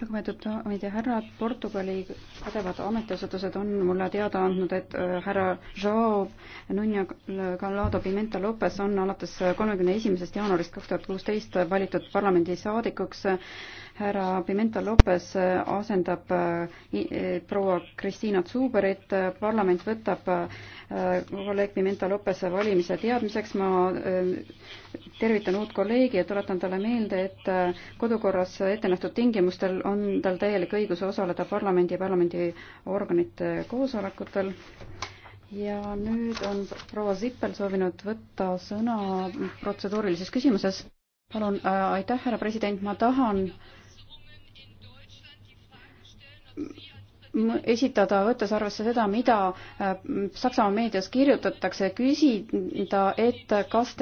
lugupeetud daamid ja härrad, Portugali pädevad ametiasutused on mulle teada andnud, et äh, härra Joao Nuno Calado Pimenta Lopes on alates kolmekümne esimesest jaanuarist kaks tuhat kuusteist valitud parlamendisaadikuks. härra Pimenta Lopes asendab äh, äh, proua Kristiina Zuberit, parlament võtab kolleeg Pimenta Lopese valimise teadmiseks, ma tervitan uut kolleegi ja tuletan talle meelde, et äh, kodukorras ettenähtud tingimustel on tal täielik õigus osaleda parlamendi ja parlamendiorganite koosolekutel. ja nüüd on proua Zippel soovinud võtta sõna protseduurilises küsimuses. palun, äh, aitäh, härra president, ma tahan esitada, võttes arvesse seda, mida äh, Saksamaa meedias kirjutatakse, küsida, et kas te